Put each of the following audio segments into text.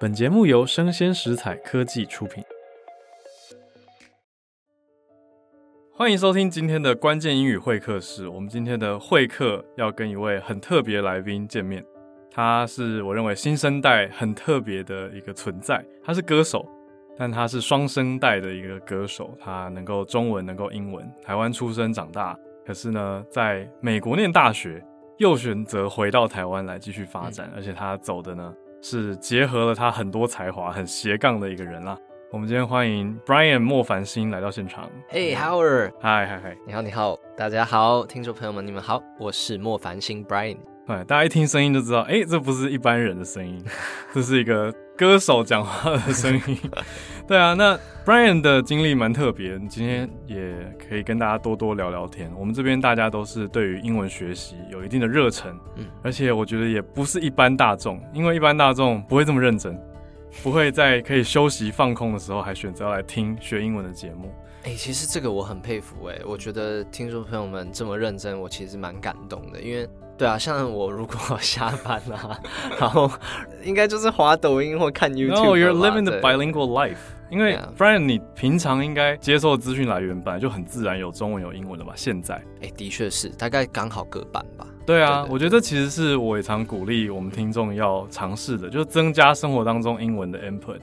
本節目由聲鮮時采科技出品。歡迎收聽今天的關鍵英語會客室。我們今天的會客要跟一位很特別來賓見面，他是我認為新生代很特別的一個存在。他是歌手，但他是雙聲帶的一個歌手，他能夠中文，能夠英文。台灣出生長大，可是呢，在美國念大學，又選擇回到台灣來繼續發展，嗯、而且他走的呢，是結合了他很多才華，很斜槓的一個人啦、啊。我們今天歡迎 Brian 莫凡新來到現場。Hey Howard，Hi Hi Hi，, hi. 你好你好，大家好，聽眾朋友們你們好，我是莫凡新 Brian。哎，大家一聽聲音就知道，哎、欸，這不是一般人的聲音， 這是一個。歌手講話的聲音，對啊，那 Brian 的經歷蠻特別，今天也可以跟大家多多聊聊天。我們這邊大家都是對於英文學習有一定的熱忱，而且我覺得也不是一般大眾，因為一般大眾不會這麼認真，不會在可以休息放空的時候還選擇來聽學英文的節目。欸，其實這個我很佩服欸，我覺得聽眾朋友們這麼認真，我其實蠻感動的，因為。對啊，像我如果下班啊， 然後應該就是滑抖音或看 YouTube。No, you're living the bilingual life. 對因為 Brian，你平常應該接受的資訊來源本來就很自然有中文有英文的吧，現在。哎，的確是大概剛好各半吧。對啊，對對對，我覺得這其實是我也常鼓勵我們聽眾要嘗試的，就是增加生活當中英文的 input。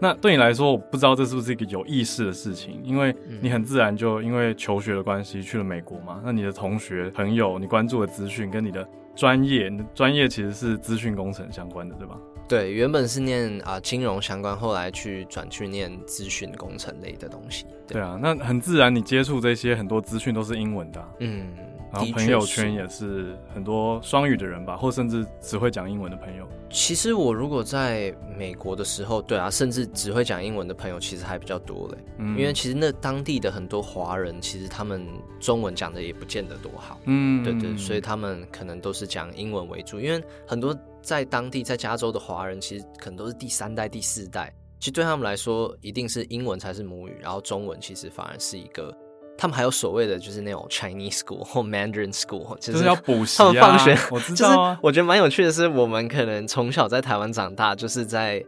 那對你來說，我不知道這是不是一個有意識的事情，因為你很自然就因為求學的關係去了美國嘛。那你的同學、朋友，你關注的資訊跟你的專業，專業其實是資訊工程相關的，對吧？對，原本是念啊、呃、金融相關，後來去轉去念資訊工程類的東西。對，對啊，那很自然，你接觸這些很多資訊都是英文的，啊。嗯。然後朋友圈也是很多雙語的人吧，或甚至只會講英文的朋友。其實我如果在美國的時候，對啊，甚至只會講英文的朋友其實還比較多嘞。嗯，因為其實那當地的很多華人，其實他們中文講的也不見得多好。嗯，對對對，所以他們可能都是講英文為主，因為很多在當地在加州的華人，其實可能都是第三代、第四代。其實對他們來說，一定是英文才是母語，然後中文其實反而是一個。他們還有所謂的就是那種 Chinese school 或 Mandarin school，就是要補習放學，我知道。 我覺得蠻有趣的是，我們可能從小在台灣長大，就是在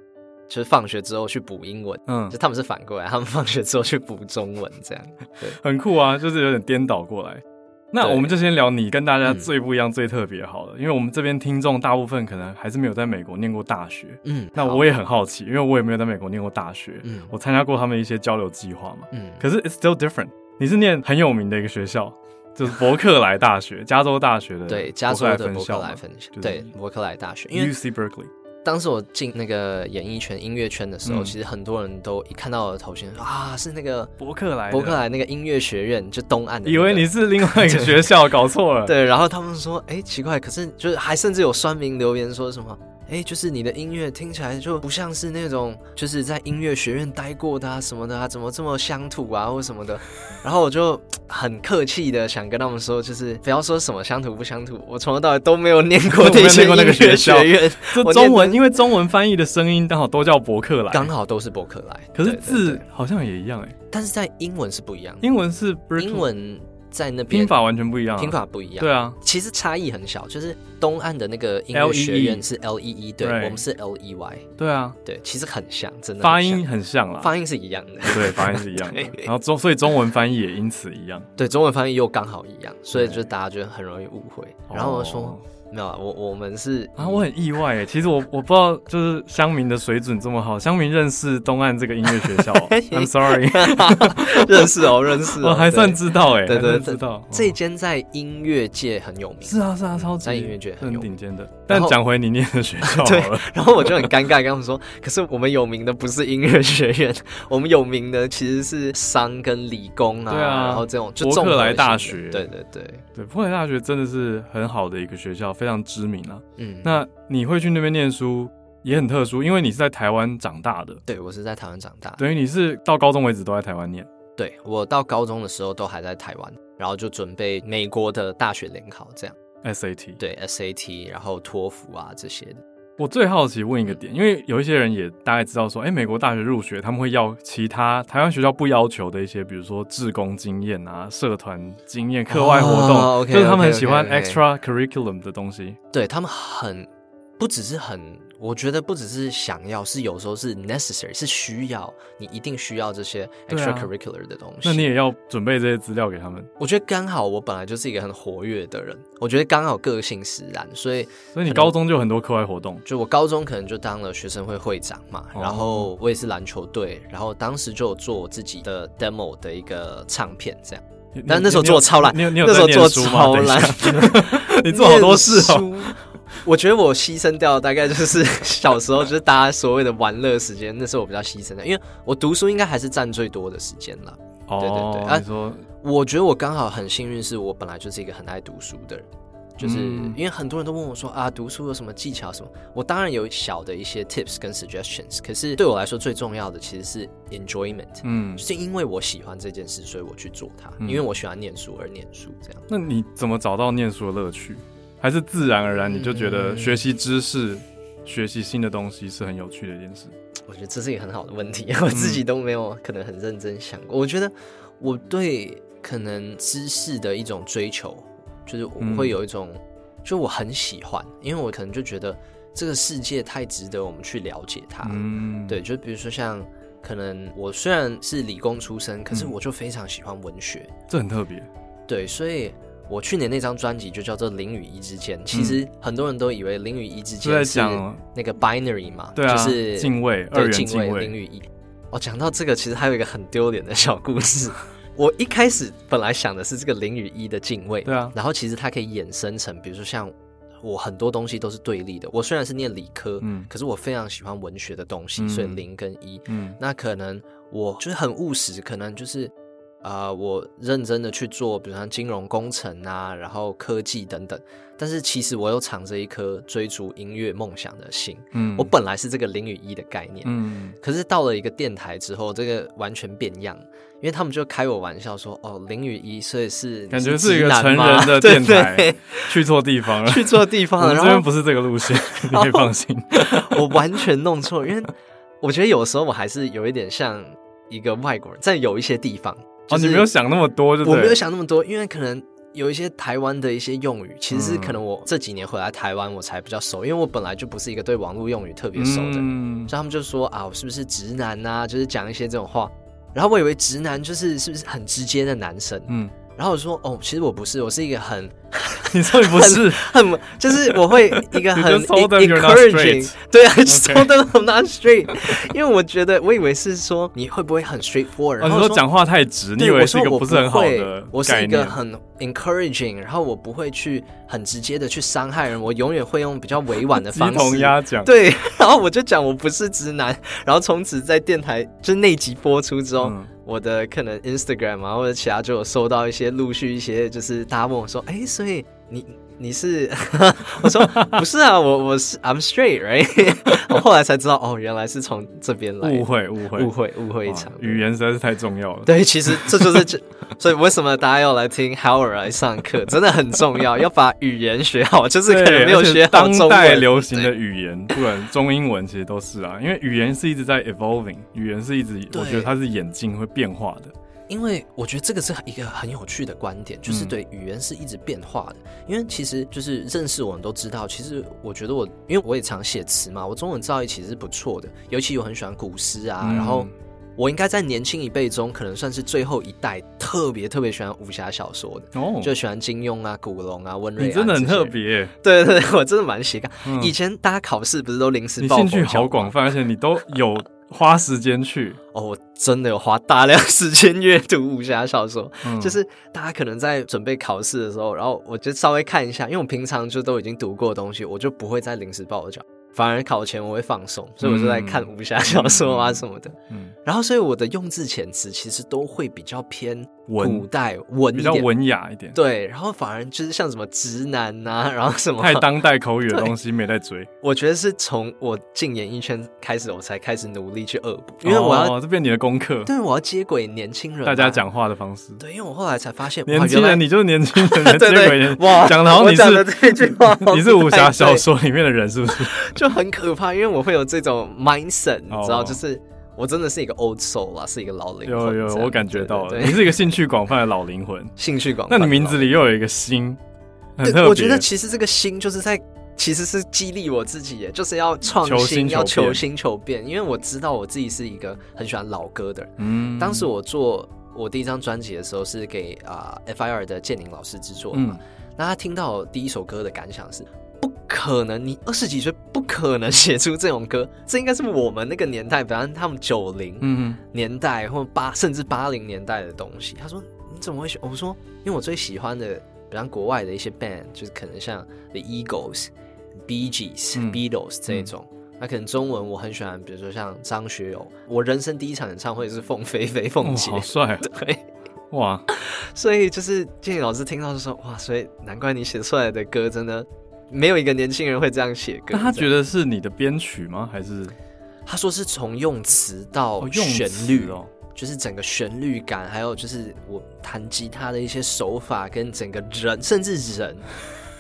就是放學之後去補英文。嗯，就是他們是反過來，他們放學之後去補中文，這樣。對，很酷啊，就是有點顛倒過來。那我們就先聊你跟大家最不一樣、最特別好了，嗯、因為我們這邊聽眾大部分可能還是沒有在美國念過大學。嗯，那我也很好奇，因為我也沒有在美國念過大學。嗯，我參加過他們一些交流計劃嘛。嗯，可是 it's still different。你是念很有名的一個學校，就是伯克萊大學， 加州大學的，對加州的伯克萊分校，就是，對伯克萊大學。UC Berkeley。當時我進那個演藝圈，音樂圈的時候，嗯、其實很多人都一看到我的頭像，啊，是那個伯克萊，伯克萊那個音樂學院，就東岸的，那個，以為你是另外一個學校， 對搞錯了。對，然後他們說，哎、欸，奇怪，可是就是還甚至有酸民留言說什麼。哎，就是你的音樂聽起來就不像是那種，就是在音樂學院待過的啊什麼的啊，怎麼這麼鄉土啊或什麼的？然後我就很客氣的想跟他們說，就是不要說什麼鄉土不鄉土，我從頭到尾都沒有念過那些，都沒念過那個學校 念的 中文，因為中文翻譯的聲音剛好都叫柏克萊，剛好都是柏克萊。可是字對對對好像也一樣哎、欸，但是在英文是不一樣，英文是，不是英文。在那邊，拼法完全不一樣，拼法不一樣。對啊，其實差異很小，就是東岸的那個音樂學員是 L E E，對我們是 L E Y。對啊，對，其實很像，真的發音很像啦，發音是一樣的，對，發音是一樣的，然後中所以中文翻譯也因此一樣，對，中文翻譯又剛好一樣，所以就大家覺得很容易誤會，然後我說。沒有啊，我我們是啊，我很意外誒。其實我我不知道，就是鄉民的水準這麼好，鄉民認識東岸這個音樂學校？I'm sorry，認識哦，認識，我還算知道哎對對，知道。這間在音樂界很有名，是啊是啊，超級在音樂界很頂尖的。但講回你念的學校，對，然後我就很尷尬，跟他們說，可是我們有名的不是音樂學院，我們有名的其實是商跟理工啊，然後這種就，柏克萊大學，對對對。對，普林大學真的是很好的一個學校，非常知名啊。嗯，那你會去那邊念書也很特殊，因為你是在台灣長大的。對，我是在台灣長大的，等於你是到高中為止都在台灣念。對，我到高中的時候都還在台灣，然後就準備美國的大學聯考，這樣。SAT。對，SAT，然後托福啊這些的。我最好奇問一個點，因為有一些人也大概知道說，哎、欸，美國大學入學他們會要其他台灣學校不要求的一些，比如說志工經驗啊、社團經驗、課外活動，oh, okay, okay, okay, okay. 就是他們很喜歡 extra curriculum 的東西。對，他們很，不只是很。.我覺得不只是想要，是有時候是 necessary，是需要，你一定需要這些 extracurricular 的東西、啊。那你也要準備這些資料給他們。我覺得剛好，我本來就是一個很活躍的人，我覺得剛好個性使然，所以所以你高中就有很多課外活動，就我高中可能就當了學生會會長嘛，哦、然後我也是籃球隊，然後當時就有做我自己的 demo 的一個唱片這樣。你但那時候做我超爛，你有，你有那時候做超爛，一 你做好多事哦、喔。我覺得我犧牲掉的大概就是小時候就是大家所謂的玩樂時間， 那是我比較犧牲的，因為我讀書應該還是占最多的時間了。哦，對對對，你說，我覺得我剛好很幸運，是我本來就是一個很愛讀書的人，就是因為很多人都問我說、嗯、啊，讀書有什麼技巧什麼？我當然有小的一些 tips 跟 suggestions，可是對我來說最重要的其實是 enjoyment，嗯，就是因為我喜歡這件事，所以我去做它，嗯、因為我喜歡念書而念書這樣。那你怎麼找到念書的樂趣？還是自然而然，你就覺得學習知識、嗯、學習新的東西是很有趣的一件事。我覺得這是一個很好的問題，嗯、我自己都沒有可能很認真想過。我覺得我對可能知識的一種追求，就是我會有一種，嗯、就我很喜歡，因為我可能就覺得這個世界太值得我們去了解它。嗯，對，就比如說像可能我雖然是理工出身，可是我就非常喜歡文學，嗯、這很特別。對，所以。我去年那張專輯就叫做《零與一之間》，其實很多人都以為《零與一之間、嗯》是那個 binary 嘛，對啊，就是進位位對二元進位零與一。我、哦、講到這個，其實還有一個很丟臉的小故事。 我一開始本來想的是這個零與一的進位，對啊，然後其實它可以衍生成，比如說像我很多東西都是對立的。我雖然是念理科，嗯，可是我非常喜歡文學的東西，所以零跟一，嗯，嗯那可能我就是很務實，可能就是。啊、呃，我認真的去做，比如像金融工程啊，然後科技等等。但是其實我又藏着一顆追逐音樂夢想的心。嗯，我本來是這個零與一的概念。嗯，可是到了一個電台之後，這個完全變樣，因為他們就開我玩笑說：“哦，零與一，所以是感覺是一個成人的電台，對對，去錯地方了， 去錯地方了。” 這邊不是這個路線，後你可以放心， 我完全弄錯。因為我覺得有時候我還是有一點像一個外國人，在有一些地方。哦、就是啊，你沒有想那麼多就對，我沒有想那麼多，因為可能有一些台灣的一些用語，其實是可能我這幾年回來台灣我才比較熟，嗯、因為我本來就不是一個對網絡用語特別熟的，嗯，所以他們就說啊，我是不是直男吶、啊？就是講一些這種話，然後我以為直男就是是不是很直接的男生，嗯。然後我說哦，其實我不是，我是一個很，你說你不是很，很，就是我會一個很 說、e、encouraging，對啊，so then I'm not straight，因為我覺得我以為是說你會不會很 straight forward，你、哦、說講話太直，對你以為是一個不是很好的，我是一個很 encouraging，然後我不會去很直接的去傷害人，我永遠會用比較委婉的方式，對，然後我就講我不是直男，然後從此在電台就是、那集播出之後。嗯我的可能 Instagram 啊，或者其他就有收到一些陸續一些，就是大家問我說，哎、欸，所以你。你是 我說不是啊，我我是 I'm straight，right？我 後來才知道，哦，原來是從這邊來，誤會誤會誤會誤會一場，啊。語言實在是太重要了。對，其實這就是這， 所以為什麼大家要來聽 Howard 來上課，真的很重要，要把語言學好，就是可能沒有學好中文。當代流行的語言，對不然中英文，其實都是啊，因為語言是一直在 evolving，語言是一直，對我覺得它是眼睛會變化的。因為我覺得這個是一個很有趣的觀點，就是對，語言是一直變化的。嗯、因為其實就是認識我們都知道，其實我覺得我，因為我也常寫詞嘛，我中文造詣其實是不錯的。尤其，我很喜歡古詩啊，嗯、然後我應該在年輕一輩中可能算是最後一代，特別特別喜歡武俠小說的，哦、就喜歡金庸啊、古龍啊、溫瑞安，你真的很特別。 對，對對，我真的蠻喜歡。嗯、以前大家考試不是都臨時抱，你興趣好廣泛，而且你都有。 花時間去哦，我真的有花大量時間閱讀武俠小說，嗯、就是大家可能在準備考試的時候，然後我就稍微看一下，因為我平常就都已經讀過的東西，我就不會再臨時抱佛腳。反而考前我會放鬆，所以我就在看武俠小說啊什麼的。嗯，然後，所以我的用字遣詞其實都會比較偏古代文，比較文雅一點。對，然後反而就是像什麼直男啊，然後什麼太當代口語的東西沒在追。我覺得是從我進演藝圈開始，我才開始努力去惡補，因為我要這變你的功課，對，我要接軌年輕人大家講話的方式。對，因為我後來才發現，年輕人你就是年輕人，接軌人講的好，你是武俠小說裡面的人是不是？就。就很可怕，因為我會有這種 mindset，你知道，oh, 就是我真的是一個 old soul 啊，是一個老靈魂。有有，我感覺到了，你是一個興趣廣泛的老靈魂， 興趣廣泛。那你名字裡又有一個新，很特別。我覺得其實這個新就是在，其實是激勵我自己，就是要創新，求新求要求新求變。因為我知道我自己是一個很喜歡老歌的人。嗯，當時我做我第一張專輯的時候是給啊、uh, FIR 的建寧老師制作的嘛，嗯、那他聽到第一首歌的感想是，不可能，你二十幾歲不可能寫出這種歌，這應該是我們那個年代，比方他們九零年代或八甚至八零年代的東西。他說：“你怎麼會寫？”我說：“因為我最喜歡的，比方國外的一些 band，就是可能像 The Eagles、Bee Gees、嗯、Beatles 這種。嗯、那可能中文我很喜歡，比如說像張學友。我人生第一場演唱會是鳳飛飛、鳳姐，好帥！哇！對哇 所以就是建宇老師聽到就說：‘哇！’所以難怪你寫出來的歌真的。沒有一個年輕人會這樣寫歌。那他覺得是你的編曲嗎？還是他說是從用詞到旋律哦，哦就是整個旋律感，還有就是我彈吉他的一些手法，跟整個人，甚至人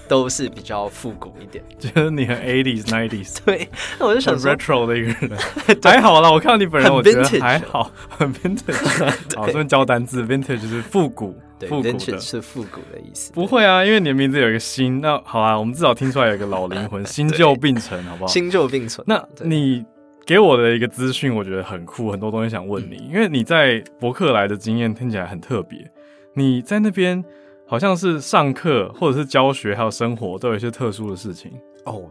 都是比較復古一點，覺得你很 eighties nineties。對，那我就想說 retro 的一個人， 對還好了。我看到你本人，很 vintage 我覺得還好，很 vintage 對。好，這邊教單字，vintage 就是復古。複對古是，是復古的意思，不會啊，對因為你的名字有一個新，那好啊，我們至少聽出來有一個老靈魂， 新舊並存，對好不好？新舊並存。那對你給我的一個資訊，我覺得很酷，很多東西想問你，嗯、因為你在柏克萊的經驗聽起來很特別，你在那邊好像是上課或者是教學還有生活都有一些特殊的事情哦。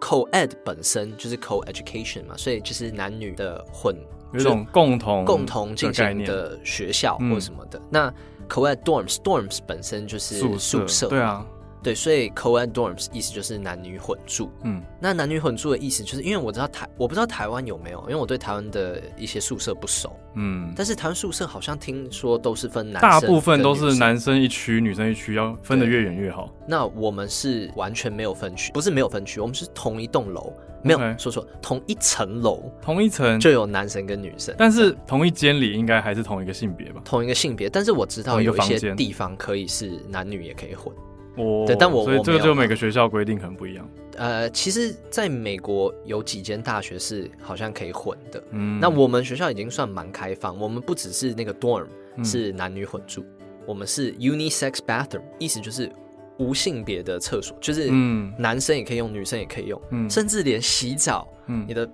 Co-ed 本身就是 co-education 嘛，所以就是男女的混，有一種共同共同進行的學校或什麼的。嗯。那 co-ed dorms dorms 本身就是宿舍，宿舍對啊。對，所以 co-ed dorms 意思就是男女混住。嗯，那男女混住的意思，就是因為我知道台，我不知道台灣有沒有，因為我對台灣的一些宿舍不熟。嗯，但是台灣宿舍好像聽說都是分男，大部分都是男生一區、女生一區，要分得越遠越好。那我們是完全沒有分區，不是沒有分區，我們是同一棟樓，沒有 okay，說錯，同一層樓，同一層就有男生跟女生，但是同一間裡應該還是同一個性別吧？同一個性別，但是我知道有一些地方可以是男女也可以混。Oh, 對，但我，所以這個就每個學校規定可能不一樣。呃，其實在美國有幾間大學是好像可以混的。嗯，那我們學校已經算蠻開放，我們不只是那個 dorm，是男女混住，嗯、我們是 unisex bathroom，意思就是。無性別的廁所，就是男生也可以用，嗯，女生也可以用，嗯，甚至連洗澡，嗯，你的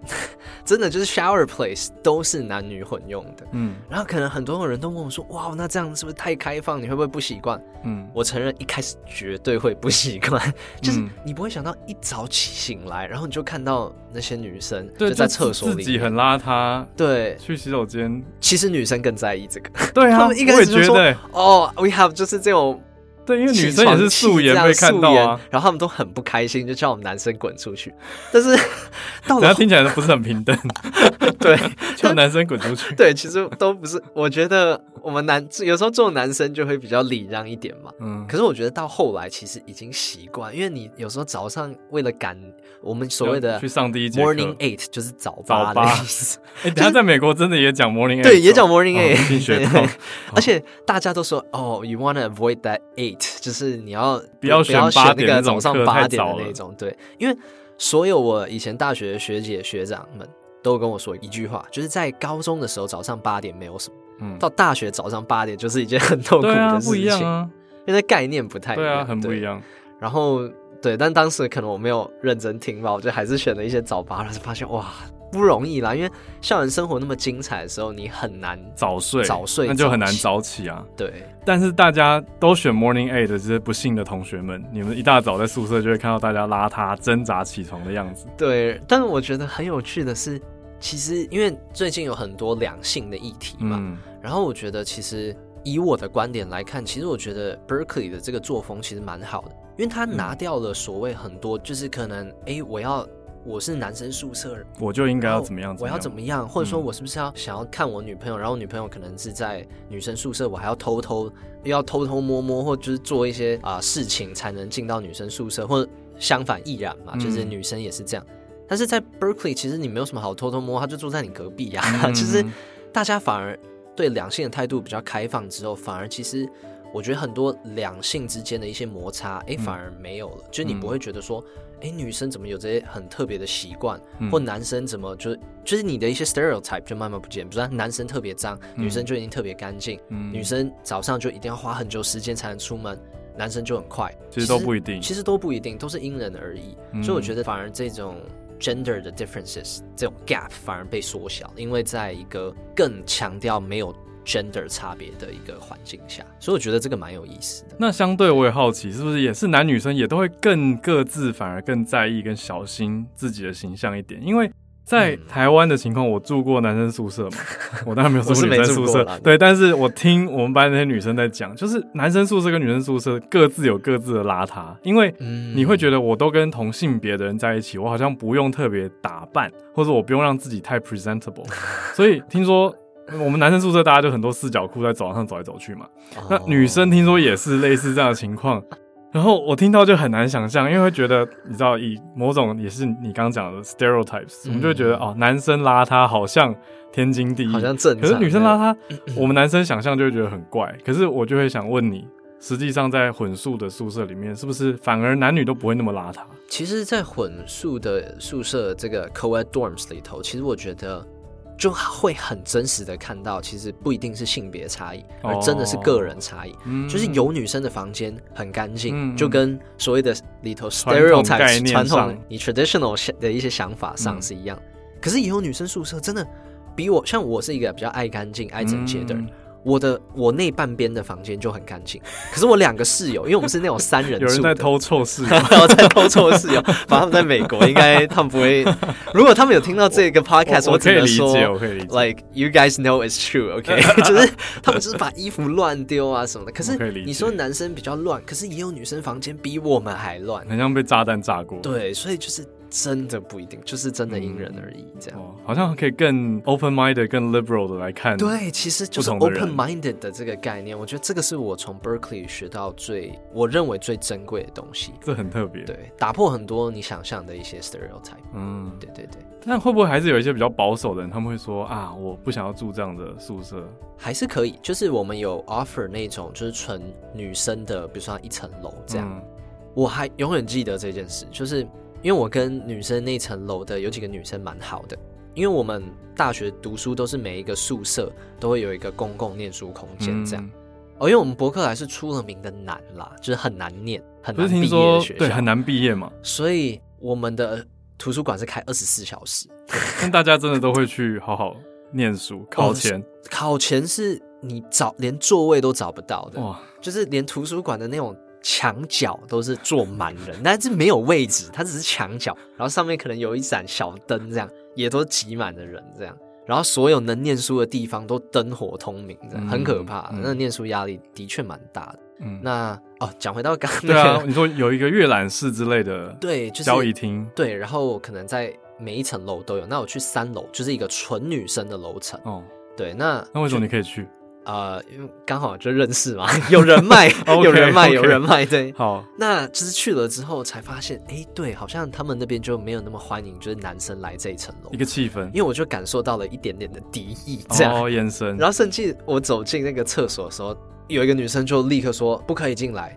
真的就是 shower place 都是男女混用的。嗯，然後可能很多人都問我說：“哇，那這樣是不是太開放？你會不會不習慣？”嗯，我承認一開始絕對會不習慣，就是你不會想到一早起醒來，然後你就看到那些女生就在廁所裡，自己很邋遢，對，去洗手間，其實女生更在意這個，對啊， 他們一開始就說：“哦，oh,we have 就是這種。”對，因為女生也是素顏被看到啊，起起，然後他們都很不開心，就叫我們男生滾出去。但是，人家聽起來都不是很平等。 對，叫男生滾出去。對，其實都不是，我覺得。我們男有時候做男生就會比較禮讓一點嘛。嗯。可是我覺得到後來其實已經習慣，因為你有時候早上為了趕我們所謂的去上第一節 m o r n i n g Eight 就是早八的意思。等下在美國真的也講 Morning Eight，對，也講 Morning Eight。而且大家都說哦，You wanna avoid that Eight，就是你要不要選那個早上八點的那種。對，因為所有我以前大學學姐學長們都跟我說一句話，就是在高中的時候早上八點沒有什麼。嗯、到大學早上八點就是一件很痛苦的事情，啊啊、因為概念不太一樣，對啊，很不一樣。然後對，但當時可能我沒有認真聽吧，我就還是選了一些早八，但是發現哇不容易啦，因為校園生活那麼精彩的時候，你很難早睡早睡，早睡那就很難早起，早起啊。對，但是大家都選 morning eight 的這些、就是、不幸的同學們，你們一大早在宿舍就會看到大家邋遢掙扎起床的樣子。對，但是我覺得很有趣的是，其實因為最近有很多兩性的議題嘛。嗯然後我覺得，其實以我的觀點來看，其實我覺得 Berkeley 的這個作風其實蠻好的，因為他拿掉了所謂很多，就是可能，哎、嗯，我要我是男生宿舍，我就應該要怎麼樣，怎麼樣？我要怎麼樣？或者說，我是不是要想要看我女朋友？嗯、然後女朋友可能是在女生宿舍，我還要偷偷又要偷偷摸摸，或就是做一些啊、呃、事情才能進到女生宿舍，或者相反亦然嘛，就是女生也是這樣。嗯、但是在 Berkeley，其實你沒有什麼好偷偷摸，他就住在你隔壁呀、啊。其實、嗯、大家反而。對兩性的態度比較開放之後，反而其實我覺得很多兩性之間的一些摩擦，哎，反而沒有了。嗯、就是你不會覺得說，哎、嗯，女生怎麼有這些很特別的習慣，嗯、或男生怎麼就是就是你的一些 stereotype 就慢慢不見。比如說男生特別髒，女生就一定特別乾淨。嗯、女生早上就一定要花很久時間才能出門，男生就很快。其實都不一定其，其實都不一定，都是因人而異。嗯、所以我覺得反而這種。gender 的 differences 這種 gap 反而被縮小，因為在一個更強調沒有 gender 差別的一個環境下，所以我覺得這個蠻有意思的。那相對我也好奇，是不是也是男女生也都會更各自反而更在意跟小心自己的形象一點？因為。在台灣的情況，我住過男生宿舍嘛，我當然沒有住過女生宿舍，對，但是我聽我們班那些女生在講，就是男生宿舍跟女生宿舍各自有各自的邋遢，因為你會覺得我都跟同性別的人在一起，我好像不用特別打扮，或者我不用讓自己太 presentable，所以聽說我們男生宿舍大家就很多四角褲在走廊上走來走去嘛，那女生聽說也是類似這樣的情況。然後我聽到就很難想象，因為會覺得你知道以某種也是你剛剛講的 stereotypes，、嗯、我們就會覺得哦，男生邋遢，好像天經地義，好像正。可是女生邋遢，欸、我們男生想象就會覺得很怪。可是我就會想問你，實際上在混宿的宿舍裡面，是不是反而男女都不會那麼邋遢？其實，在混宿的宿舍這個 coed dorms 裡頭，其實我覺得。就會很真實的看到，其實不一定是性別差異，而真的是個人差異。哦嗯、就是有女生的房間很乾淨，嗯、就跟所謂的裡頭 stereotype 傳統你 traditional 的一些想法上是一樣。嗯、可是，也有女生宿舍真的比我，像我是一個比較愛乾淨、愛整潔的人。嗯我的我那半邊的房間就很乾淨，可是我兩個室友，因為我們是那種三人住， 有人在偷錯室友， 在偷錯室友。反正他們在美國，應該他們不會。如果他們有聽到這個 podcast，我怎麼理解，我可以理解。Like you guys know it's true, OK？ 就是他們只是把衣服亂丟啊什麼的。可是，你說男生比較亂，可是也有女生房間比我們還亂，很像被炸彈炸過。對，所以就是。真的不一定，就是真的因人而異，嗯、這樣、哦。好像可以更 open minded，更 liberal 的來看。對，其實就是 open minded 的這個概念，我覺得這個是我從 Berkeley 學到最我認為最珍貴的東西。這很特別。對，打破很多你想象的一些 stereotype。嗯，對對對。但會不會還是有一些比較保守的人，他們會說啊，我不想要住這樣的宿舍。還是可以，就是我們有 offer 那種，就是純女生的，比如說一層樓這樣。嗯、我還永遠記得這件事，就是。因為我跟女生那層樓的有幾個女生蠻好的，因為我們大學讀書都是每一個宿舍都會有一個公共念書空間這樣。嗯、哦，因為我們柏克萊是出了名的難啦，就是很難念，很難畢業的學校，就是聽說，對，很難畢業嘛。所以我們的圖書館是開二十四小時，對，但大家真的都會去好好念書，考 前、哦、考前是你找連座位都找不到的，哇，就是連圖書館的那種。牆角都是坐滿人，但是沒有位置，它只是牆角，然後上面可能有一盞小燈，這樣也都擠滿了人，這樣，然後所有能念書的地方都燈火通明這樣，嗯、很可怕。嗯、那念書壓力的確蠻大的。嗯，那哦，講回到剛剛、那個，對、啊，你說有一個閱覽室之類的，對，就是交易廳，對，然後可能在每一層樓都有。那我去三樓，就是一個純女生的樓層。哦、嗯，對，那那為什麼你可以去？呃，因為剛好就認識嘛，有人脈， okay, 有人脈，okay. 有人脈，對。好，那就是去了之後才發現，哎、欸，對，好像他們那邊就沒有那麼歡迎，就是男生來這一層樓，一個氣氛，因為我就感受到了一點點的敵意，這樣、oh, 眼神。然後甚至我走進那個廁所的時候，有一個女生就立刻說：“不可以進來。”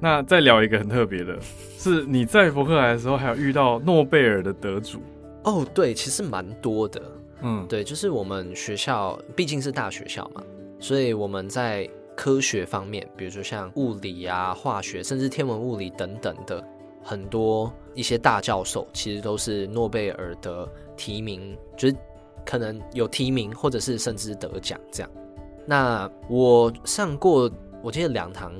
那再聊一個很特別的，是你在柏克萊的時候，還有遇到諾貝爾的得主哦，oh, 對，其實蠻多的，嗯，對，就是我們學校畢竟是大學校嘛，所以我們在科學方面，比如說像物理啊、化學，甚至天文、物理等等的很多一些大教授，其實都是諾貝爾的提名，就是可能有提名，或者是甚至得獎這樣。那我上過，我記得兩堂。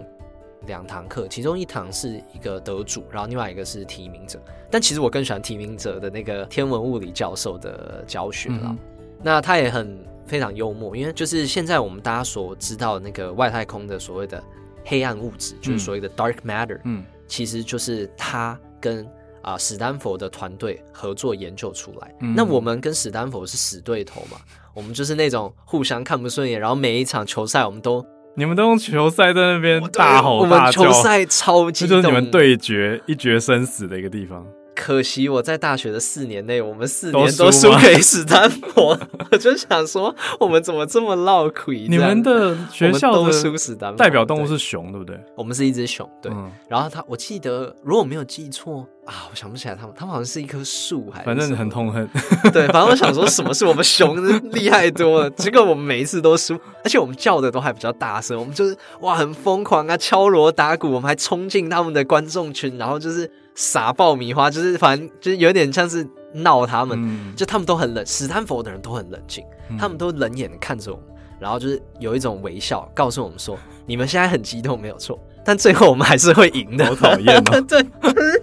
兩堂課，其中一堂是一個得主，然後另外一個是提名者。但其實我更喜歡提名者的那個天文物理教授的教學了。嗯、那他也很非常幽默，因為就是現在我們大家所知道那個外太空的所謂的黑暗物質，嗯、就是所謂的 dark matter，嗯，其實就是他跟啊、呃、史丹佛的團隊合作研究出來。嗯、那我們跟史丹佛是死對頭嘛，我們就是那種互相看不順眼，然後每一場球賽我們都。你們都用球賽在那邊大吼大叫，我，我們球賽超級激動，這就，就是你們對決一決生死的一個地方。可惜我在大學的四年內，我們四年都輸給史丹佛， 我就想說，我們怎麼這麼 lucky。你們的學校都輸史丹，代表動物是熊，對不對？我們是一隻熊，對。嗯、然後他，我記得如果我沒有記錯。啊，我想不起來他們，他們好像是一棵樹，還，反正很痛恨。 對，反正我想說什麼是我們熊厲害多了，結果我們每一次都輸，而且我們叫的都還比較大聲，我們就是哇很瘋狂啊，敲鑼打鼓，我們還衝進他們的觀眾群，然後就是撒爆米花，就是反正就是有點像是鬧他們，嗯、就他們都很冷，史丹佛的人都很冷靜，嗯、他們都冷眼的看着我們，然後就是有一種微笑告訴我們說，你們現在很激動，沒有錯。但最後我們還是會贏的，好討厭嘛！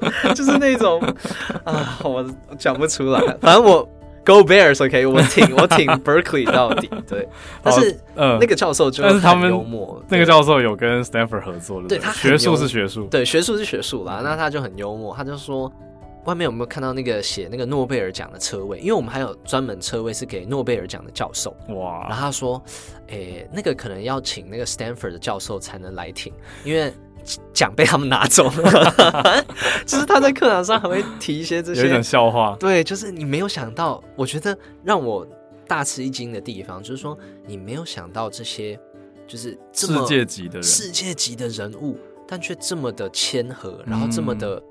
對，就是那種 啊，我講不出來。反正我 Go Bears OK，我挺我挺 Berkeley 到底。對，呃、但是呃，那個教授就很幽默。那個教授有跟 Stanford 合作的，對，學術是學術，對，學術是學術啦。那他就很幽默，他就說。外面有沒有看到那個寫那個諾貝爾獎的車位？因為我們還有專門車位是給諾貝爾獎的教授。哇！然後他說，誒、欸，那個可能要請那個 Stanford 的教授才能來停，因為獎被他們拿走了。就是他在課堂上還會提一些這些，有點笑話。對，就是你沒有想到，我覺得讓我大吃一驚的地方，就是說你沒有想到這些，就是這麼世界級的人，世界級的人物，但卻這麼的謙和，然後這麼的、嗯。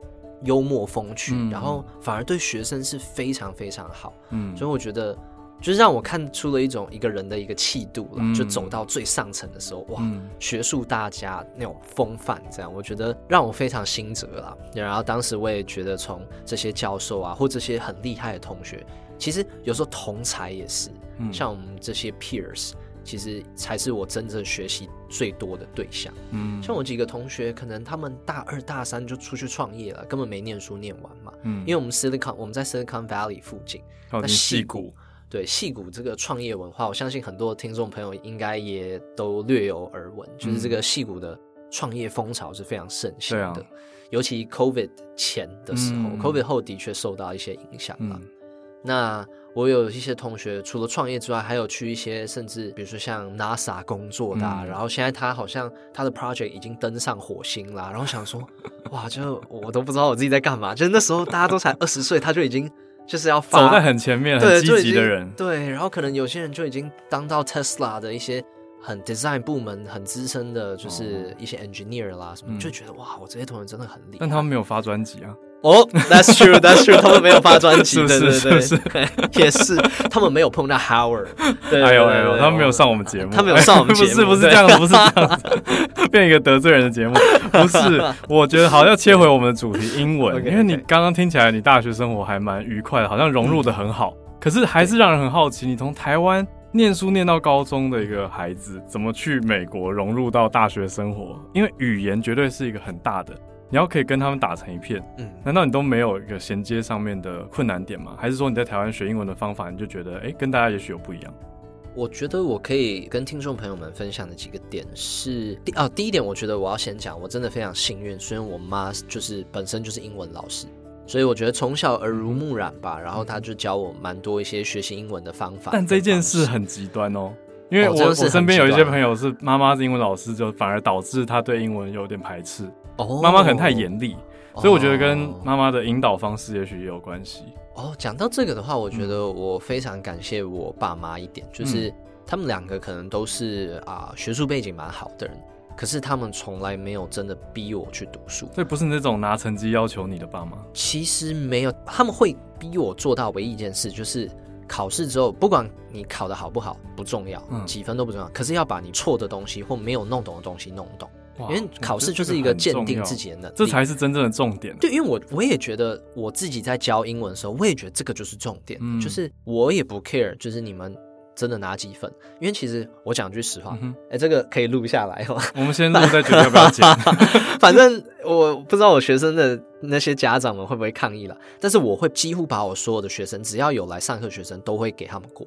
幽默風趣，嗯、然後反而對學生是非常非常好，嗯，所以我覺得就是讓我看出了一種一個人的一個氣度了，嗯、就走到最上層的時候，哇，嗯、學術大家那種風範，這樣我覺得讓我非常心折了。然後當時我也覺得，從這些教授啊，或這些很厲害的同學，其實有時候同儕也是，嗯、像我們這些 peers。其實才是我真正學習最多的對象。嗯，像我幾個同學，可能他們大二大三就出去創業了，根本沒念書念完嘛。嗯，因為我們 Silicon，我們在 Silicon Valley 附近，那矽、哦、谷，谷，對矽谷這個創業文化，我相信很多聽眾朋友應該也都略有耳聞，就是這個矽谷的創業風潮是非常盛行的。嗯、尤其 COVID 前的時候，嗯、COVID 後的確受到一些影響啊。嗯、那我有一些同學，除了創業之外，還有去一些甚至比如說像 NASA 工作的，啊，嗯、然後現在他好像他的 project 已經登上火星了，然後想說，哇，就我都不知道我自己在幹嘛，就那時候大家都才二十歲，他就已經就是要發。走在很前面，對很積極的人，對，然後可能有些人就已經當到 Tesla 的一些很 design 部門很資深的，就是一些 engineer 啦，什麼、嗯、就覺得哇，我這些同學真的很厲害，但他們沒有發專輯啊。哦、oh，That's true, That's true。 他們沒有發專輯，對不對對對，是不是 也是，他們沒有碰到 Howard，對，對，對，對，對，哎呦哎呦，他沒有上我們節目，他沒有上我們節目，哎、 不是不是這樣對 不是這樣 變一個得罪人的節目，不是，我覺得好像要切回我們的主題英文， 因為你剛剛聽起來你大學生活還蠻愉快的，好像融入的很好，可是還是讓人很好奇，你從台灣念書念到高中的一個孩子，怎麼去美國融入到大學生活？因為語言絕對是一個很大的。你要可以跟他們打成一片，嗯，難道你都沒有一個銜接上面的困難點嗎？還是說你在台灣學英文的方法，你就覺得哎、欸，跟大家也許有不一樣？我覺得我可以跟聽眾朋友們分享的幾個點是，第啊、哦，第一點，我覺得我要先講，我真的非常幸運，雖然我媽就是本身就是英文老師，所以我覺得從小耳濡目染吧，嗯、然後她就教我蠻多一些學習英文的方法的方式。但這件事很極端哦，因為我、哦、我身邊有一些朋友是媽媽是英文老師，就反而導致她對英文有點排斥。哦，媽媽可能太嚴厲，哦、所以我覺得跟媽媽的引導方式也許也有關係。哦，講到這個的話，我覺得我非常感謝我爸媽一點，嗯、就是他們兩個可能都是啊、呃、學術背景蠻好的人，可是他們從來沒有真的逼我去讀書。所以不是那種拿成績要求你的爸媽？其實沒有，他們會逼我做到唯一一件事，就是考試之後，不管你考得好不好，不重要，嗯、幾分都不重要，可是要把你錯的東西或沒有弄懂的東西弄懂。因為考試就是一個鑑定自己的能力這，這才是真正的重點啊。對，因為我我也覺得我自己在教英文的時候，我也覺得這個就是重點，嗯、就是我也不 care，就是你們真的拿幾分。因為其實我講句實話，哎、嗯哼欸，這個可以錄下來哦。我們先錄再決定要不要剪， 反正我不知道我學生的那些家長們會不會抗議了。 但是我會幾乎把我所有的學生，只要有來上課學生，都會給他們過。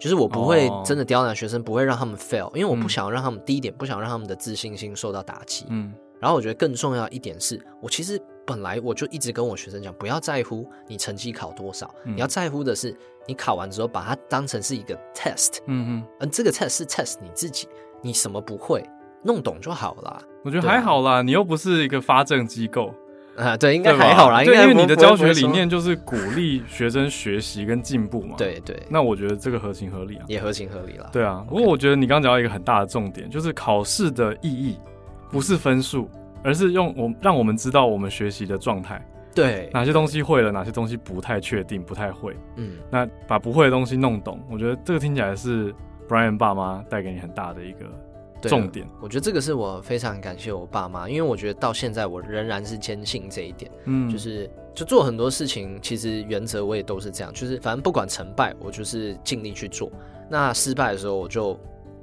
就是我不會真的刁難的學生，不會讓他們 fail、哦、因為我不想讓他們第一、嗯、點，不想讓他們的自信心受到打擊。嗯，然後我覺得更重要一點是，我其實本來我就一直跟我學生講，不要在乎你成績考多少，嗯、你要在乎的是你考完之後把它當成是一個 test，嗯嗯哼，而，這個 test 是 test 你自己，你什麼不會弄懂就好啦。我覺得還好啦，對你又不是一個發證機構。啊，對，應該還好啦，因為你的教學理念就是鼓勵學生學習跟進步嘛。對對，那我覺得這個合情合理，啊，也合情合理了。對啊，Okay. 不過我覺得你剛講到一個很大的重點，就是考試的意義不是分數，而是用我讓我們知道我們學習的狀態，對，哪些東西會了，對哪些東西不太確定，不太會。嗯，那把不會的東西弄懂，我覺得這個聽起來是 Brian 爸媽帶給你很大的一個。對，重點，我覺得這個是我非常感謝我爸媽，因為我覺得到現在我仍然是堅信這一點，嗯，就是就做很多事情，其實原則我也都是這樣，就是反正不管成敗，我就是盡力去做。那失敗的時候，我就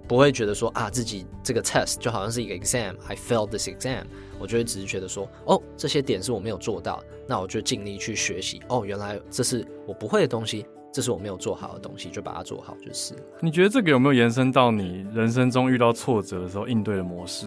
不會覺得說啊，自己這個 test 就好像是一個 exam，I failed this exam。我就會只是覺得說，哦，這些點是我沒有做到，那我就盡力去學習。哦，原來這是我不會的東西。這是我沒有做好的東西，就把它做好。就是你覺得這個有沒有延伸到你人生中遇到挫折的時候應對的模式？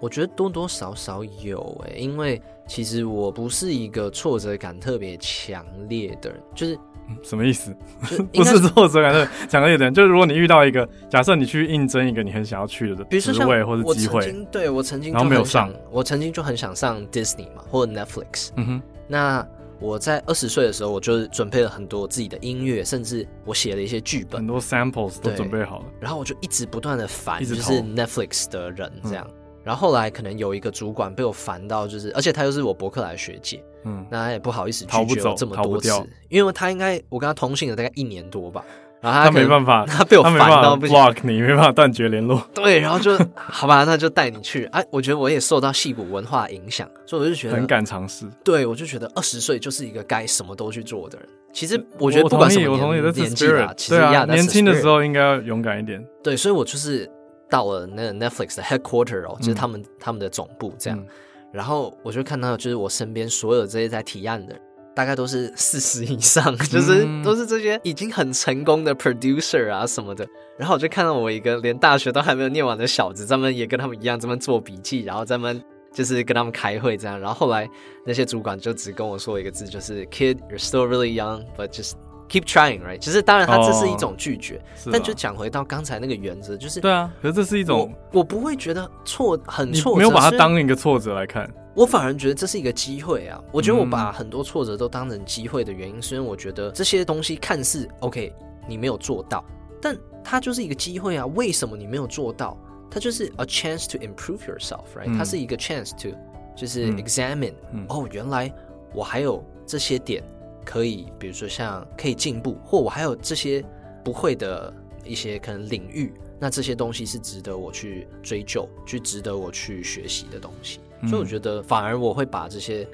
我覺得多多少少有哎、欸，因為其實我不是一個挫折感特別強烈的人。就是什麼意思？是 不是挫折感特別強烈的人，就是如果你遇到一個， 假設你去應徵一個你很想要去的職位或者機會，對，我曾經，然後沒有上，我曾經就很想上，上 Disney 嘛或者 Netflix。嗯哼，那。我在二十歲的時候，我就準備了很多自己的音樂，甚至我寫了一些劇本，很多 samples 都準備好了。然後我就一直不斷的煩，就是 Netflix 的人這樣。嗯，然後後來可能有一個主管被我煩到，就是，而且他又是我柏克萊學姐，嗯，那她也不好意思拒絕我這麼多次，因為他應該我跟他通信了大概一年多吧。然後他沒辦法，他被我煩到不 block 你，沒辦法斷絕聯絡。對，然後就好吧，那就帶你去。哎，我覺得我也受到戲骨文化影響，所以我就覺得很敢嘗試。對，我就覺得二十歲就是一個該什麼都去做的人。其實我覺得不管什麼年，年紀的啊，對啊，年輕的時候應該要勇敢一點。對，所以我就是到了那個 Netflix 的 headquarter 哦，就是他們他們的總部這樣。然後我就看到，就是我身邊所有這些在提案的人。大概都是四十以上，就是都是這些已經很成功的 producer 啊什麼的。然後我就看到我一個連大學都還沒有念完的小子，在那邊也跟他們一樣這麼做筆記，然後在那邊就是跟他們開會這樣。然後後來那些主管就只跟我說一個字，就是 “kid”，you're still really young, but just。Keep trying，right？其實當然，它這是一種拒絕，oh, 但就講回到剛才那個原則，就是對啊。可是這是一種，我，我不會覺得挫，很挫折。沒有把它當一個挫折來看。我反而覺得這是一個機會啊！我覺得我把很多挫折都當成機會的原因，雖然、嗯啊、我覺得這些東西看似 OK，你沒有做到，但它就是一個機會啊！為什麼你沒有做到？它就是 a chance to improve yourself，right？、嗯、它是一個 chance to 就是 examine、嗯。嗯、哦，原來我還有這些點。可以，比如說像可以進步，或我還有這些不會的一些可能領域，那這些東西是值得我去追究，去值得我去學習的東西。嗯、所以我覺得，反而我會把這些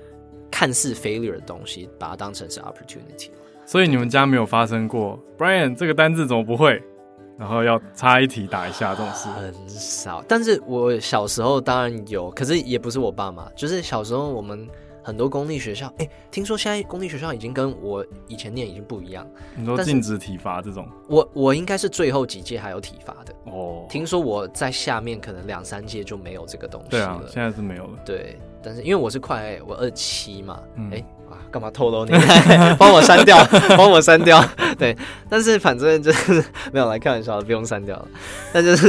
看似 failure 的東西，把它當成是 opportunity。所以你們家沒有發生過對，Brian 這個單字怎麼不會？然後要插一題打一下、嗯、這種事很少，但是我小時候當然有，可是也不是我爸媽，就是小時候我們。很多公立學校，哎、欸，聽說現在公立學校已經跟我以前念已經不一樣，很多禁止體罰這種。我我應該是最後幾屆還有體罰的哦。Oh. 聽說我在下面可能兩三屆就沒有這個東西了。對啊，現在是沒有了。對，但是因為我是快我二七嘛，哎、嗯，欸、啊、幹嘛透露你？幫 我刪掉，幫我刪掉。對，但是反正就是沒有，啦，開玩笑不用刪掉了。那就是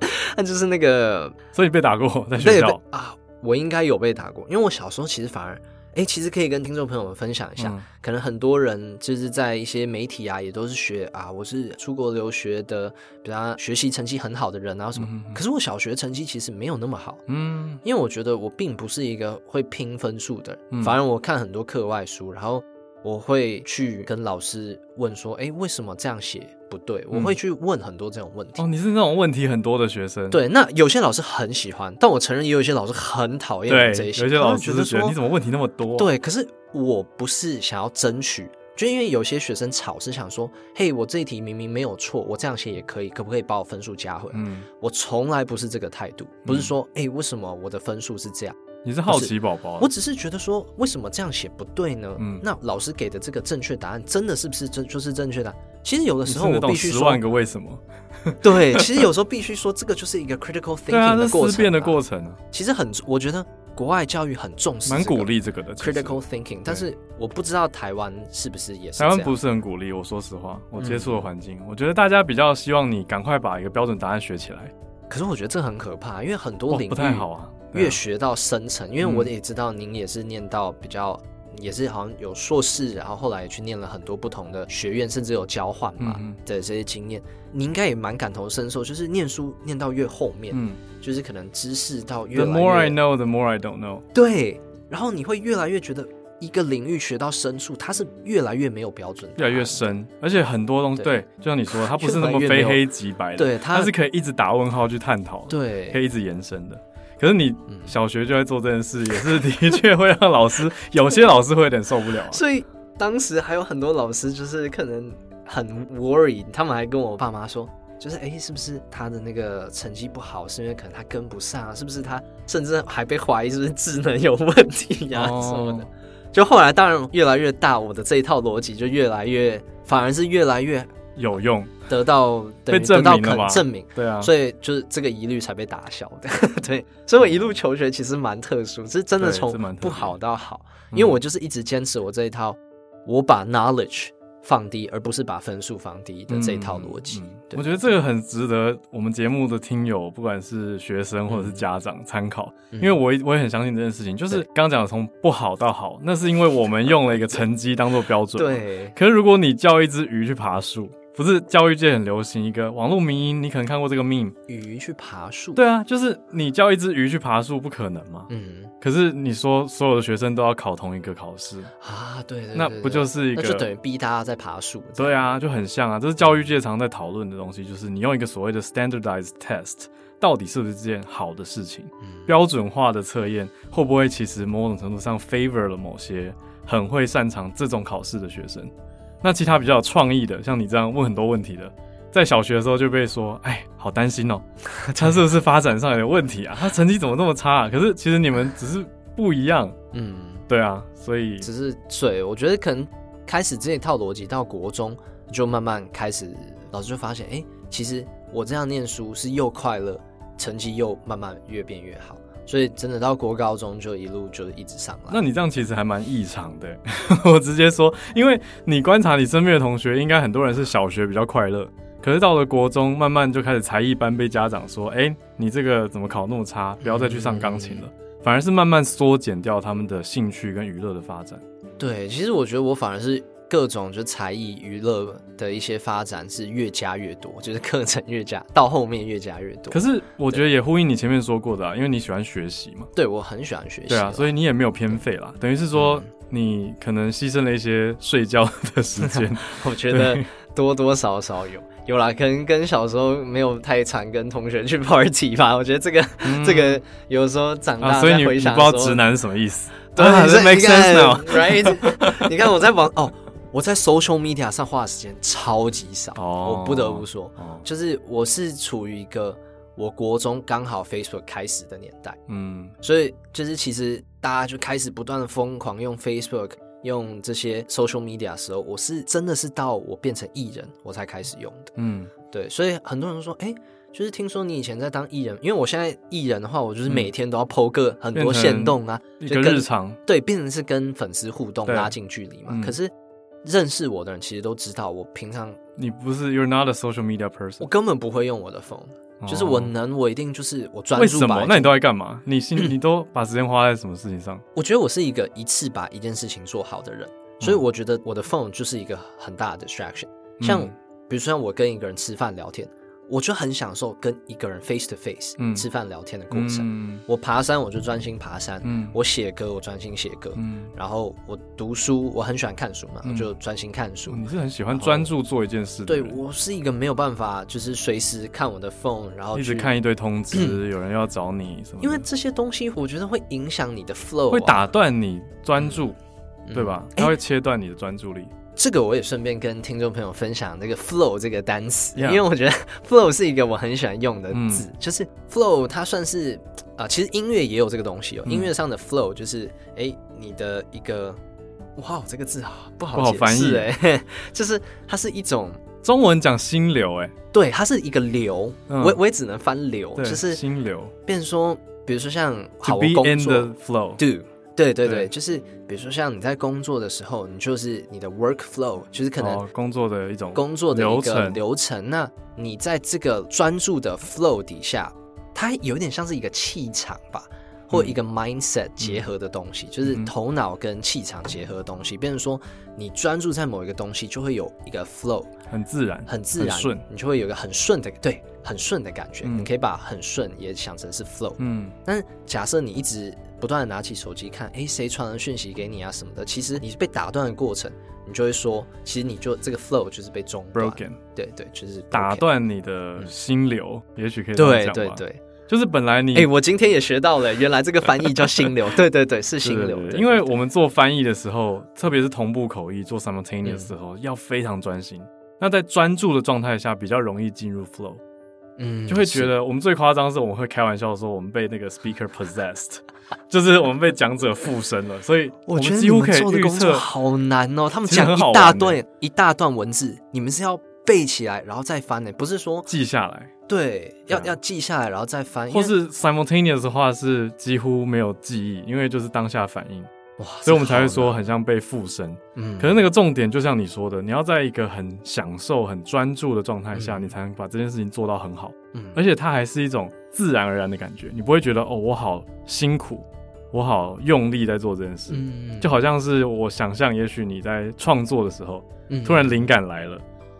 那、 啊、就是那個，所以被打過在學校那啊。我應該有被打過，因為我小時候其實反而，誒其實可以跟聽眾朋友們分享一下，嗯、可能很多人就是在一些媒體啊，也都是學啊，我是出國留學的，比方學習成績很好的人啊什麼，嗯嗯，可是我小學成績其實沒有那麼好，嗯，因為我覺得我並不是一個會拼分數的人，嗯、反而我看很多課外書，然後。我會去跟老師問說：“欸，為什麼這樣寫不對？”嗯，我會去問很多這種問題。哦，你是那種問題很多的學生。對，那有些老師很喜歡，但我承認，也有一些老師很討厭這些。對，有一些老師覺得說：“你怎麼問題那麼多？”對，可是我不是想要爭取，就因為有些學生吵是想說：“嘿，我這一題明明沒有錯，我這樣寫也可以，可不可以把我分數加回？”嗯，我從來不是這個態度，不是說：“欸，為什麼我的分數是這樣？”你是好奇寶寶，我只是覺得說，為什麼這樣寫不對呢？嗯，那老師給的這個正確答案，真的是不是正就是正確的？其實有的時候我必須說，十萬個為什麼， 對，其實有時候必須說，這個就是一個 critical thinking 的過程。思辨的過程、啊、其實很，我覺得國外教育很重視，蠻鼓勵這個的 critical thinking。但是我不知道台灣是不是也是，台灣不是很鼓勵。我說實話，我接觸的環境，嗯、我覺得大家比較希望你趕快把一個標準答案學起來。可是我覺得這很可怕，因為很多領域不太好啊。越學到深層，因為我也知道您也是念到比較，嗯、也是好像有碩士，然後後來也去念了很多不同的學院，甚至有交換嘛，嗯嗯，對，這些經驗，你應該也蠻感同身受。就是念書念到越後面，嗯，就是可能知識到越、越。The more I know, the more I don't know. 對，然後你會越來越覺得一個領域學到深處，它是越來越沒有標準、啊，越來越深，而且很多東西，對，對，就像你說的，它不是那麼非黑、 黑即白的，對，它、它是可以一直打問號去探討，對，可以一直延伸的。可是你小學就在做這件事，嗯、也是的確會讓老師 有些老師會有點受不了、啊。所以當時還有很多老師，就是可能很 worry，他們還跟我爸媽說，就是哎、欸，是不是他的那個成績不好，是因為可能他跟不上？是不是他甚至還被懷疑是不是智能有問題呀、啊 oh. 什麼的？就後來當然越來越大，我的這一套邏輯就越來越，反而是越來越。有用、嗯，得到被證明了嘛？證明對啊，所以就是這個疑慮才被打消的。對，所以我一路求學其實蠻特殊，是真的從不好到好，嗯、因為我就是一直堅持我這一套，我把 knowledge 放低，而不是把分數放低的這一套邏輯。嗯、對我覺得這個很值得我們節目的聽友，不管是學生或者是家長參考，嗯、因為我我也很相信這件事情，就是剛剛講的從不好到好，對那是因為我們用了一個成績當做標準。對，對可是如果你叫一隻魚去爬樹。不是教育界很流行一個網絡迷因，你可能看過這個 meme，魚去爬樹。對啊，就是你叫一隻魚去爬樹，不可能嘛。嗯。可是你說所有的學生都要考同一個考試啊？對對，對，對。那不就是一個？那就等於逼大家在爬樹。對啊，就很像啊，這是教育界常在討論的東西，就是你用一個所謂的 standardized test，到底是不是這件好的事情？嗯、標準化的測驗會不會其實某種程度上 favor 了某些很會擅長這種考試的學生？那其他比較有創意的，像你這樣問很多問題的，在小學的時候就被說，哎，好擔心哦，他是不是發展上有點問題啊？他成績怎麼這麼差啊？可是其實你們只是不一樣，嗯，對啊，所以只是嘴，我覺得可能開始這一套邏輯到國中就慢慢開始，老師就發現，欸，其實我這樣念書是又快樂，成績又慢慢越變越好。所以真的到國高中就一路就一直上了。那你這樣其實還蠻異常的、欸， 我直接說，因為你觀察你身邊的同學，應該很多人是小學比較快樂，可是到了國中，慢慢就開始才藝班被家長說，哎、欸，你這個怎麼考那麼差，不要再去上鋼琴了，嗯嗯，反而是慢慢縮減掉他們的興趣跟娛樂的發展。對，其實我覺得我反而是。各種就是才藝娛樂的一些發展是越加越多，就是課程越加到後面越加越多。可是我覺得也呼應你前面說過的啊，因為你喜歡學習嘛。對，我很喜歡學習，對啊，所以你也沒有偏廢啦。對等於是說你可能犧牲了一些睡覺的時間，嗯、 我覺得多多少少有有啦，可能跟小時候沒有太常跟同學去 party 吧。我覺得這個、嗯、這個有時候長大、啊，所以你想不知道直男是什麼意思，對，啊、是 make sense，right？你看我在網哦。我在 social media 上花的時間超級少，oh, 我不得不說，oh. 就是我是處於一個我國中剛好 Facebook 開始的年代，嗯，所以就是其實大家就開始不斷的瘋狂用 Facebook，用這些 social media 的時候，我是真的是到我變成藝人我才開始用的，嗯，對，所以很多人都說，哎、欸，就是聽說你以前在當藝人，因為我現在藝人的話，我就是每天都要 PO 個很多限動啊，一個日常，對，變成是跟粉絲互動，拉近距離嘛，嗯、可是。認識我的人其實都知道，我平常你不是，you're not a social media person。我根本不會用我的 phone，就是我能，我一定就是我專注。為什麼？那你都在幹嘛？你心裡你都把時間花在什麼事情上 ？我覺得我是一個一次把一件事情做好的人，所以我覺得我的 phone 就是一個很大的 distraction。像比如說，像我跟一個人吃飯聊天。我就很享受跟一個人 face to face 吃飯聊天的過程。我爬山，我就專心爬山；我寫歌，我專心寫歌。然後我讀書，我很喜歡看書嘛，我就專心看書。你是很喜歡專注做一件事？對，我是一個沒有辦法，就是隨時看我的 phone，然後一直看一堆通知，有人要找你什麼？因為這些東西，我覺得會影響你的 flow，會打斷你專注，對吧？它會切斷你的專注力。這個我也順便跟聽眾朋友分享那個 flow 這個單詞，Yeah. 因為我覺得 flow 是一個我很喜歡用的字，嗯、就是 flow 它算是啊、呃，其實音樂也有這個東西哦，嗯、音樂上的 flow 就是哎，你的一個哇，這個字啊不好不好翻譯，欸、 就是它是一種中文講心流誒、欸，對，它是一個流，我、嗯、我也只能翻流，對就是心流，變說比如說像好 to be in the flow do。對對對，對就是比如說像你在工作的時候，你就是你的 workflow，就是可能工作的一種工作的一個流程。流程。那你在這個專注的 flow 底下，它有一點像是一個氣場吧，或一個 mindset 結合的東西，嗯、就是頭腦跟氣場結合的東西。嗯、變成說，你專注在某一個東西，就會有一個 flow，很自然，很自然，很順，你就會有一個很順的，對，很順的感覺。嗯、你可以把很順也想成是 flow。嗯。但是假設你一直。不斷地拿起手機看，誒、欸，誰傳了訊息給你啊什麼的？其實你是被打斷的過程，你就會說，其實你就這個 flow 就是被中斷，broken，對對，就是打斷你的心流，也許可以對對對，就是本來你誒、欸，我今天也學到了，原來這個翻譯叫心流， 對對對，是心流。對對對因為我們做翻譯的時候，特別是同步口譯做 simultaneous 的時候，嗯、要非常專心。那在專注的狀態下，比較容易進入 flow。嗯，就會覺得我們最誇張的是我們會開玩笑說，我們被那個 speaker possessed， 就是我們被講者附身了，所以我們幾乎可以。這個功課好難哦、喔，他們講一大段好、欸、一大段文字，你們是要背起來然後再翻呢、欸？不是說記下來？對，要對、啊、要記下來然後再翻，或是 simultaneous 的話是幾乎沒有記憶，因為就是當下反應。哇，所以我們才會說很像被附身。嗯、可是那個重點就像你說的，你要在一個很享受、很專注的狀態下，嗯、你才能把這件事情做到很好。嗯，而且它還是一種自然而然的感覺，你不會覺得哦，我好辛苦，我好用力在做這件事。嗯，就好像是我想象，也許你在創作的時候，嗯、突然靈感來了，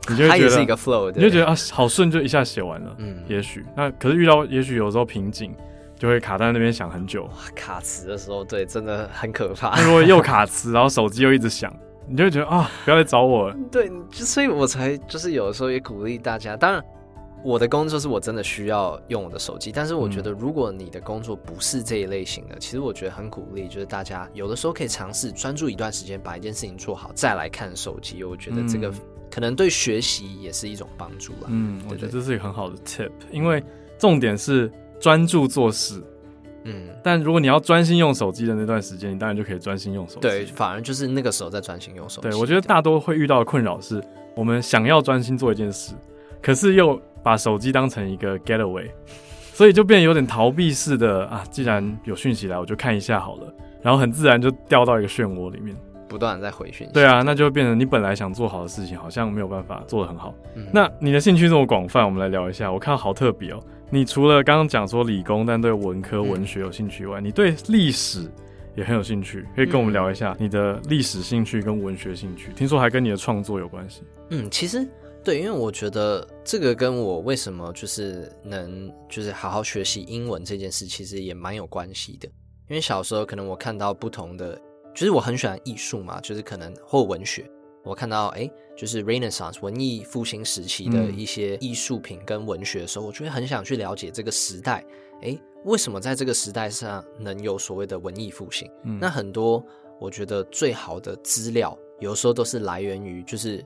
嗯、你就覺得它也是一個 flow，你就覺得啊，好順，就一下寫完了。嗯，也許那可是遇到，也許有時候瓶頸。就會卡在那邊想很久，哇，卡詞的時候，對，真的很可怕。因為又卡詞， 然後手機又一直響，你就會覺得啊、哦，不要來找我了。對，所以我才就是有的時候也鼓勵大家。當然，我的工作是我真的需要用我的手機，但是我覺得如果你的工作不是這一類型的，嗯、其實我覺得很鼓勵，就是大家有的時候可以嘗試專注一段時間，把一件事情做好，再來看手機。我覺得這個可能對學習也是一種幫助吧。嗯，對對，我覺得這是一個很好的 tip，因為重點是，專注做事，嗯，但如果你要專心用手機的那段時間，你當然就可以專心用手機。對，反而就是那個時候在專心用手機。對，我覺得大多會遇到的困擾是，我們想要專心做一件事，可是又把手機當成一個 getaway，所以就變成有點逃避式的啊。既然有訊息來，我就看一下好了，然後很自然就掉到一個漩渦裡面，不斷在回訊息。對啊，那就會變成你本來想做好的事情，好像沒有辦法做得很好。嗯。那你的興趣這麼廣泛，我們來聊一下。我看好特別哦、喔。你除了剛剛講說理工，但對文科文學有興趣以外，嗯、你對歷史也很有興趣，可以跟我們聊一下你的歷史興趣跟文學興趣。聽說還跟你的創作有關係。嗯，其實對，因為我覺得這個跟我為什麼就是能就是好好學習英文這件事，其實也蠻有關係的。因為小時候可能我看到不同的，就是我很喜歡藝術嘛，就是可能或文學。我看到哎，就是 Renaissance 文藝復興時期的一些藝術品跟文學的時候，嗯、我就會很想去了解這個時代。哎，為什麼在這個時代上能有所謂的文藝復興？嗯、那很多我覺得最好的資料，有時候都是來源於就是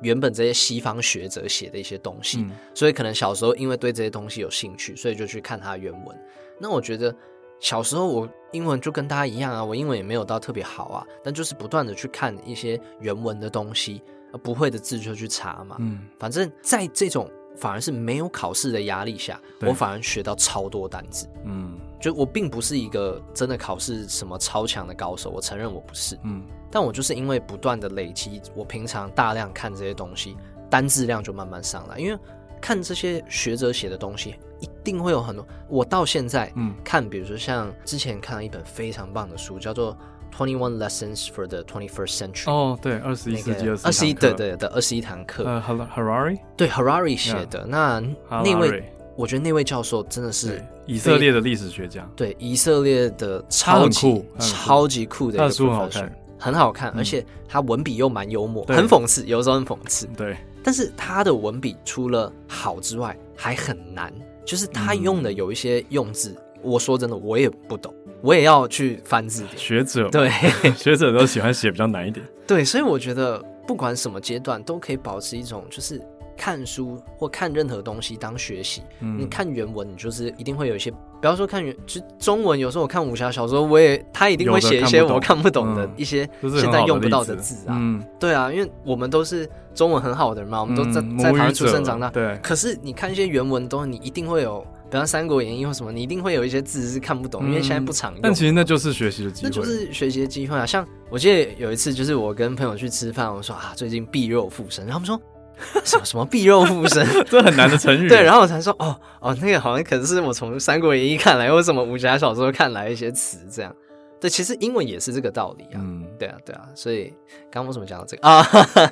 原本這些西方學者寫的一些東西。嗯、所以可能小時候因為對這些東西有興趣，所以就去看它的原文。那我覺得。小時候我英文就跟大家一樣啊，我英文也沒有到特別好啊，但就是不斷的去看一些原文的東西，不會的字就去查嘛。嗯，反正，在這種反而是沒有考試的壓力下，對我反而學到超多單字。嗯，就我並不是一個真的考試什麼超強的高手，我承認我不是。嗯，但我就是因為不斷的累積，我平常大量看這些東西，單字量就慢慢上來，因為，看這些學者寫的東西，一定會有很多。我到現在，嗯，看，比如說像之前看了一本非常棒的書，叫做《Twenty One Lessons for the Twenty First Century》。哦，對，二十一世紀二十一對對的二十一堂課。呃，哈拉哈拉瑞對哈拉瑞寫的那那位，我覺得那位教授真的是以色列的歷史學家。對，以色列的超酷，超級酷的一本書很好看，而且他文筆又蠻幽默，很諷刺，有時候很諷刺。對。但是他的文筆除了好之外，還很難，就是他用的有一些用字，嗯，我說真的，我也不懂，我也要去翻字典。學者對，學者都喜歡寫比較難一點。 對，所以我覺得不管什麼階段，都可以保持一種就是。看書或看任何東西當學習，嗯、你看原文，你就是一定會有一些，不要說看原，就中文有時候我看武俠小說，我也他一定會寫一些我看不懂的一些現在用不到的字啊，嗯就是嗯、對啊，因為我們都是中文很好的人嘛，我們都在、嗯、在台灣出生長大，對。可是你看一些原文都，都你一定會有，比方《三國演義》或什麼，你一定會有一些字是看不懂，嗯、因為現在不常用。但其實那就是學習的機會，那就是學習的機會啊。像我記得有一次，就是我跟朋友去吃飯，我說啊，最近髀肉復生，然後他們說。什 什麼髀什麼肉復生， 這很難的成語。 對，然後我才說，哦哦，那個好像可是我從《三國演義》看來，或什麼武俠小說看來一些詞這樣。對，其實英文也是這個道理啊。嗯，對啊，對啊。所以剛剛為什麼講到這個啊？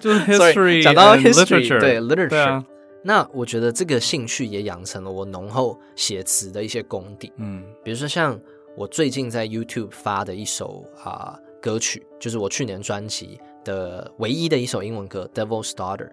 就是 history 和 literature 對，literature。對啊。那我覺得這個興趣也養成了我濃厚寫詞的一些功底。嗯，比如說像我最近在 YouTube 發的一首啊歌曲，就是我去年專輯的唯一的一首英文歌《Devil's Daughter》。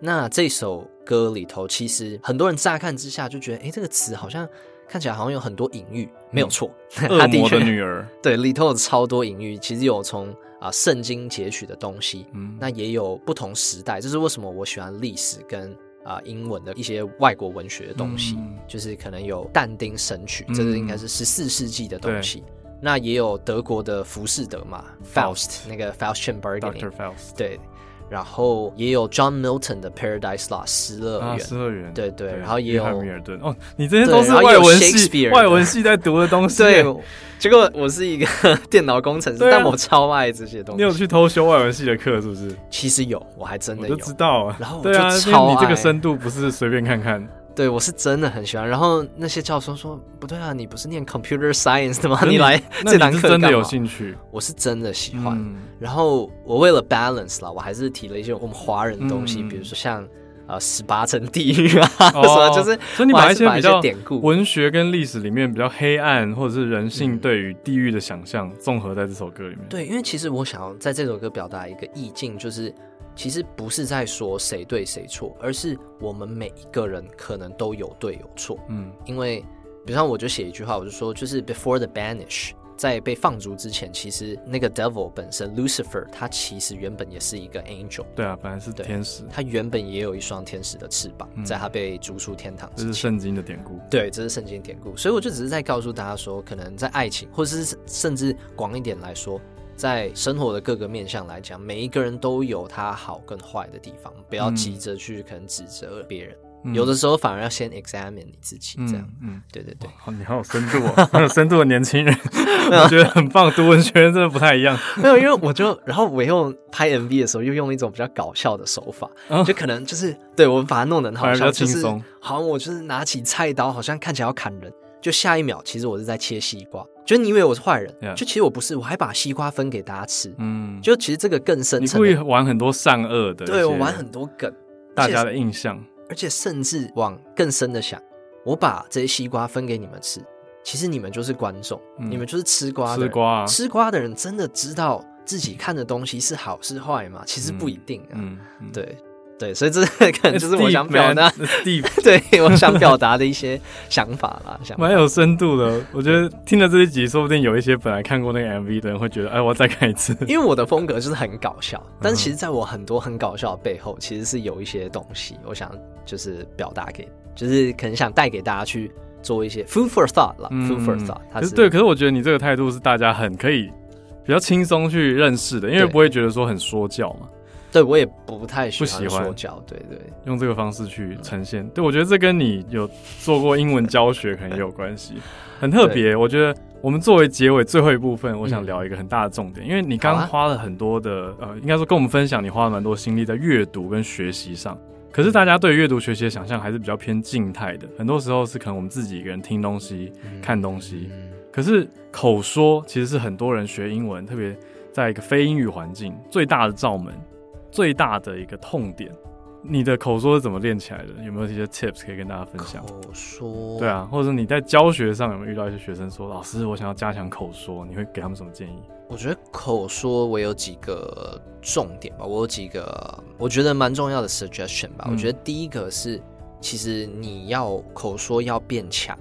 那這首歌裡頭，其實很多人乍看之下就覺得，哎、欸，這個詞好像看起來好像有很多隱喻，沒有錯錯。惡魔的女兒，對，裡頭有超多隱喻，其實有從啊聖經截取的東西，嗯、那也有不同時代，這是為什麼我喜歡歷史跟啊英文的一些外國文學的東西，嗯、就是可能有但丁《神曲》嗯，這是應該是十四世紀的東西，嗯、那也有德國的浮士德嘛，Faust，那個 Faustian Bargaining，Fa 對。然後也有 John Milton 的 Paradise Lost 失樂園，啊、失樂園，對對，對，然後也有 Milton 哦，你這些都是外文系，外文系在讀的東西、啊。對，結果我是一個電腦工程師，啊、但我超愛這些東西。你有去偷修外文系的課是不是？其實有，我還真的有。我就知道然後對啊，因為你這個深度不是隨便看看。對，我是真的很喜歡。然後那些教授說：“不對啊，你不是念 computer science 的嗎？是你，你來這堂課幹嘛？那你是真的有興趣。」我是真的喜歡。嗯、然後我為了 balance 啦，我還是提了一些我們華人東西，嗯、比如說像十八、呃、層地獄啊、哦、什麼，就是，所以你把一些典故、文學跟歷史裡面比較黑暗，或者是人性對於地獄的想象，綜合在這首歌裡面、嗯。對，因為其實我想要在這首歌表達一個意境，就是。其實不是在說誰對誰錯，而是我們每一個人可能都有對有錯。嗯，因為，比如像我就寫一句話，我就說，就是 before the banish，在被放逐之前，其實那個 devil 本身，Lucifer，他其實原本也是一個 angel。對啊，本來是天使，他原本也有一雙天使的翅膀，在他被逐出天堂。嗯，這是聖經的典故。對，這是聖經典故。所以我就只是在告訴大家說，可能在愛情，或者是甚至廣一點來說。在生活的各個面向來講，每一個人都有他好跟壞的地方，不要急着去可能指責別人，嗯、有的時候反而要先 examine 你自己，這樣。嗯，嗯對對對，好，你好有深度哦，很有 深度的年輕人， 我覺得很棒。讀 文學真的不太一樣，沒有，因為我就，然後我用拍 MV 的時候，又用一種比較搞笑的手法，哦、就可能就是，對我們把它弄得很好，好像輕鬆。好，我就是拿起菜刀，好像看起來要砍人，就下一秒，其實我是在切西瓜。就你以為我是壞人，Yeah. 就其實我不是，我還把西瓜分給大家吃。嗯，就其實這個更深層，你會玩很多善惡的，的，對，我玩很多梗，大家的印象，而且甚至往更深的想，我把這些西瓜分給你們吃，其實你們就是觀眾，嗯、你們就是吃瓜的人吃，瓜、啊、吃瓜的人，真的知道自己看的東西是好是壞嗎？其實不一定、啊嗯。嗯，嗯對。對，所以這可能就是我想表達的地方，It's deep, man. It's deep. 對，我想表達的一些想法啦，想蠻有深度的。 我覺得聽了這一集，說不定有一些本來看過那個 MV 的人會覺得，哎，我再看一次。因為我的風格就是很搞笑，但是其實在我很多很搞笑的背後，嗯、其實是有一些東西，我想就是表達給，就是可能想帶給大家去做一些 food for thought 啦。food for thought，嗯，它是，可是對，可是我覺得你這個態度是大家很可以比較輕鬆去認識的，因為不會覺得說很說教嘛。所以我也不太喜歡說教，對，對對，用這個方式去呈現，嗯、對，我覺得這跟你有做過英文教學可能也有關係， 很特別。對我覺得我們作為結尾最後一部分，我想聊一個很大的重點，嗯、因為你剛花了很多的，啊，呃，應該說跟我們分享，你花了蠻多心力在閱讀跟學習上。可是大家對閱讀學習的想象還是比較偏靜態的，很多時候是可能我們自己一個人聽東西，嗯，看東西。嗯、可是口說其實是很多人學英文，特別在一個非英語環境最大的罩門。最大的一個痛點，你的口說是怎麼練起來的？有沒有一些 tips 可以跟大家分享？口說，對啊，或者你在教學上有沒有遇到一些學生說：“老師，我想要加強口說。”你會給他們什麼建議？我覺得口說我有幾個重點吧，我有幾個我覺得蠻重要的 suggestion 吧。嗯、我覺得第一個是，其實你要口說要變強，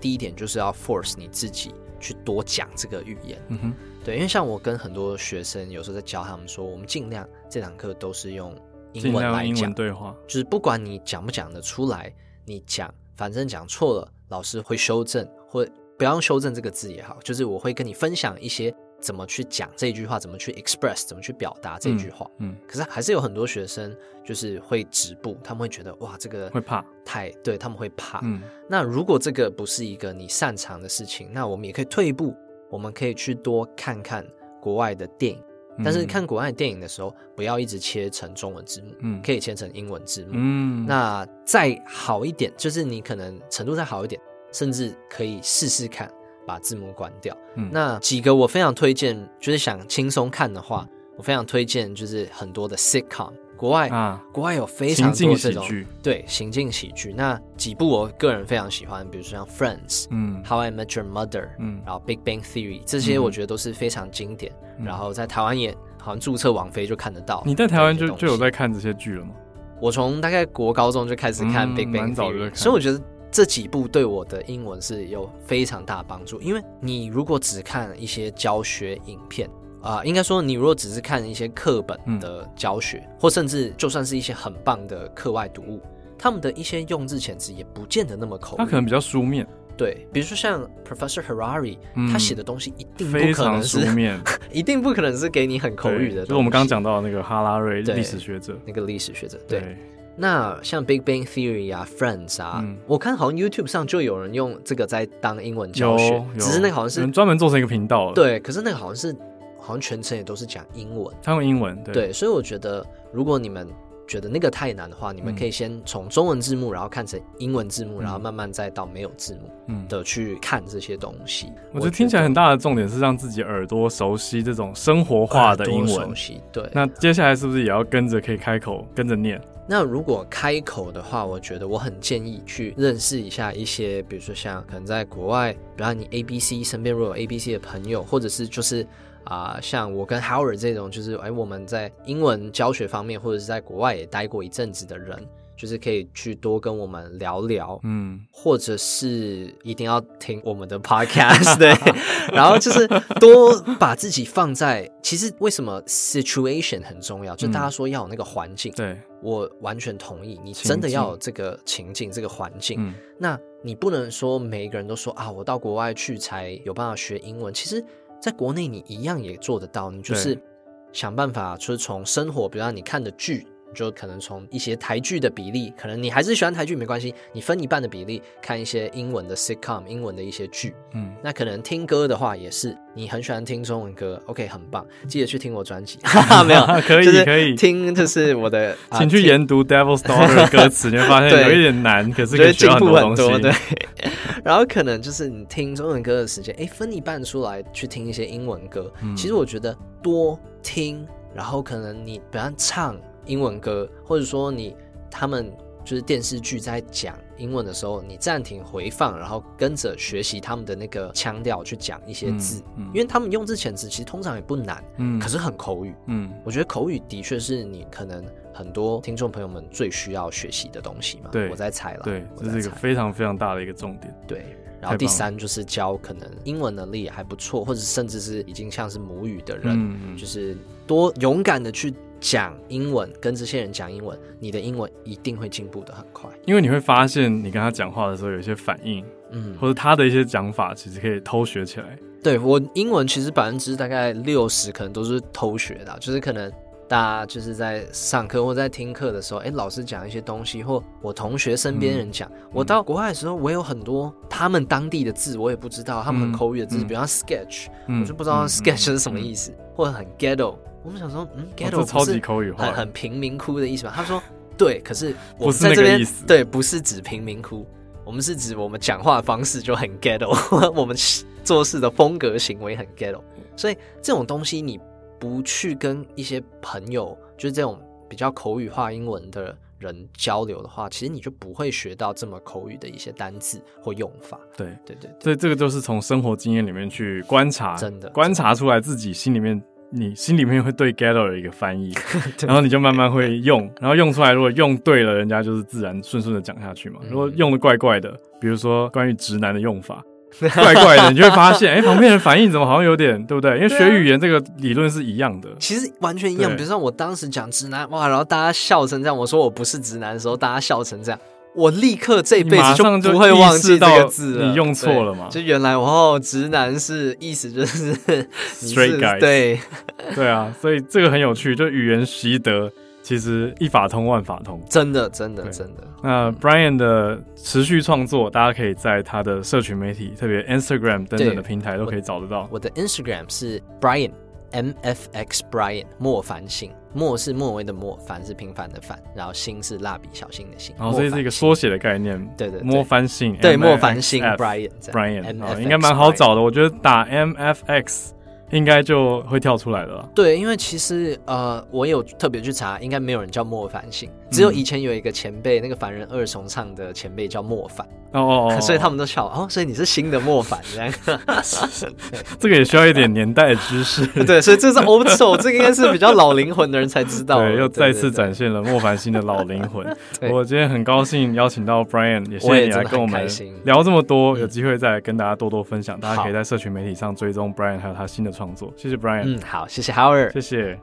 第一點就是要 force 你自己去多講這個語言。嗯哼對，因為像我跟很多學生有時候在教他們說，我們儘量這堂課都是用英文來講對話。就是不管你講不講得出來，你講反正講錯了，老師會修正，或不要用修正這個字也好，就是我會跟你分享一些怎麼去講這句話，怎麼去 express，怎麼去表達這句話。嗯。嗯可是還是有很多學生就是會止步，他們會覺得哇這個會怕太對，他們會怕。嗯。那如果這個不是一個你擅長的事情，那我們也可以退一步。我們可以去多看看國外的電影，但是看國外電影的時候，不要一直切成中文字幕，嗯，可以切成英文字幕。嗯，那再好一點，就是你可能程度再好一點，甚至可以試試看把字幕關掉。嗯，那幾個我非常推薦，就是想輕鬆看的話，我非常推薦就是很多的 sitcom。國外啊，國外有非常多這種劇，對，行進喜劇。那幾部我個人非常喜歡，比如說像《Friends》、《How I Met Your Mother》、嗯，然後《Big Bang Theory》這些，我覺得都是非常經典。然後在台灣也好像注冊網飛就看得到。你在台灣就就有在看這些劇了嗎？我從大概國高中就開始看《Big Bang Theory》，很早就在看。所以我覺得這幾部對我的英文是有非常大的幫助。因為你如果只看一些教學影片。啊、呃，應該說，你如果只是看一些課本的教學，嗯、或甚至就算是一些很棒的課外讀物，他們的一些用字遣詞也不見得那麼口語。他可能比較書面。對，比如說像 Professor Harari、嗯、他寫的東西一定不可能是非常書面， 一定不可能是給你很口語的。就是、我們剛剛講到那個哈拉瑞歷史學者，那個歷史學者。對。對那像 Big Bang Theory 啊，Friends 啊，嗯、我看好像 YouTube 上就有人用這個在當英文教學，只是那個好像是專門做成一個頻道了。對，可是那個好像是。好像全程也都是講英文，他用英文對，對，所以我覺得如果你們覺得那個太難的話，嗯、你們可以先從中文字幕，然後看成英文字幕，嗯、然後慢慢再到沒有字幕的去看這些東西，嗯。我覺得聽起來很大的重點是讓自己耳朵熟悉這種生活化的英文，熟悉對。那接下來是不是也要跟着可以開口跟着念？那如果開口的話，我覺得我很建議去認識一下一些，比如說像可能在國外，比如說你 A B C 身邊如果有 A B C 的朋友，或者是就是。啊、呃，像我跟 Howard 這種，就是哎，我們在英文教學方面，或者是在國外也待過一陣子的人，就是可以去多跟我們聊聊，嗯，或者是一定要聽我們的 podcast，對。 然後就是多把自己放在，其實為什麼 situation 很重要？就大家說要有那個環境，嗯、對，我完全同意。你真的要有這個情境、情境這個環境，嗯、那你不能說每一個人都說啊，我到國外去才有辦法學英文，其實。在國內，你一樣也做得到。你就是想辦法，就是從生活，比如說你看的劇。就可能從一些台劇的比例，可能你還是喜歡台劇沒關係，你分一半的比例看一些英文的 sitcom 英文的一些劇，嗯，那可能聽歌的話也是，你很喜歡聽中文歌，OK 很棒，記得去聽我專輯，哈哈、嗯啊，沒有可以、就是、可以聽，就是我的， 請去研讀 Devil's Daughter 的歌詞，你會發現有一點難，可是可以進步很多，對。然後可能就是你聽中文歌的時間，誒、欸，分一半出來去聽一些英文歌，嗯、其實我覺得多聽，然後可能你不要唱。英文歌，或者說你他們就是電視劇在講英文的時候，你暫停回放，然後跟着學習他們的那個腔調去講一些字，嗯嗯，因為他們用字遣詞其實通常也不難，嗯，可是很口語，嗯，我覺得口語的確是你可能很多聽眾朋友們最需要學習的東西嘛，對，我在猜了，對，這是一個非常非常大的一個重點，對，然後第三就是教可能英文能力還不錯，或者甚至是已經像是母語的人，嗯，就是多勇敢的去。講英文，跟這些人講英文，你的英文一定會進步得很快。因為你會發現，你跟他講話的時候，有一些反應，嗯，或者他的一些講法，其實可以偷學起來。對，我英文其實百分之大概六十，可能都是偷學的，就是可能大家就是在上課或在聽課的時候，哎、欸，老師講一些東西，或我同學身邊人講。嗯、我到國外的時候，我有很多他們當地的字我也不知道，嗯、他們很口語的字，嗯、比如 sketch，、嗯、我就不知道 sketch 是什麼意思，嗯、或者很 ghetto。我們想說，嗯，ghetto、哦、這超級口語化的，不是很很貧民窟的意思吧？他說對，可是我在這邊對不是指貧民窟，我們是指我們講話的方式就很 ghetto， 我們做事的風格行為很 ghetto。所以這種東西，你不去跟一些朋友，就是這種比較口語化英文的人交流的話，其實你就不會學到這麼口語的一些單字或用法。對，對對對，所以這個就是從生活經驗裡面去觀察，真的觀察出來自己心裡面。你心裡面會對 gather 有一個翻譯，然後你就慢慢會用，然後用出來。如果用對了，人家就是自然順順的講下去嘛。如果用的怪怪的，比如說關於直男的用法，怪怪的，你就會發現，哎，旁邊人反應怎麼好像有點，對不對？因為學語言這個理論是一樣的，其實完全一樣。比如說我當時講直男哇，然後大家笑成這樣。我說我不是直男的時候，大家笑成這樣。我立刻這輩子就不會忘記這個字了，你，你用錯了嗎？就原來。哦，直男是意思就是 straight， 是對，對啊，所以這個很有趣，就語言習得其實一法通萬法通，真的，真的，對真的。那 Brian 的持續創作，嗯、大家可以在他的社群媒體，特別 Instagram 等等的平台對我都可以找得到。我的 Instagram 是 Brian MFX Brian 莫凡新。莫是莫文的莫，凡是平凡的凡，然後新是蠟筆小新的新。然後這是一個縮寫的概念。對對，莫凡新。對，莫凡新，Brian，Brian，、哦、應該蠻好找的。Brian 我覺得打 MFX 應該就會跳出來的了。對，因為其實呃，我有特別去查，應該沒有人叫莫凡新。只有以前有一個前輩，那個凡人二重唱的前輩叫莫凡，哦哦，哦，哦哦哦，所以他們都笑哦，所以你是新的莫凡這樣， 對這個也需要一點年代知識，嗯、對，所以這是 old school， 這個應該是比較老靈魂的人才知道，對，又再次展現了莫凡新的老靈魂。對對對，我今天很高興邀請到 Brian， 對也謝謝你來跟我們聊這麼多，有機會再來跟大家多多分享，嗯、大家可以在社群媒體上追蹤 Brian 還有他新的創作，謝謝 Brian，嗯，好，謝謝 Howard，謝謝。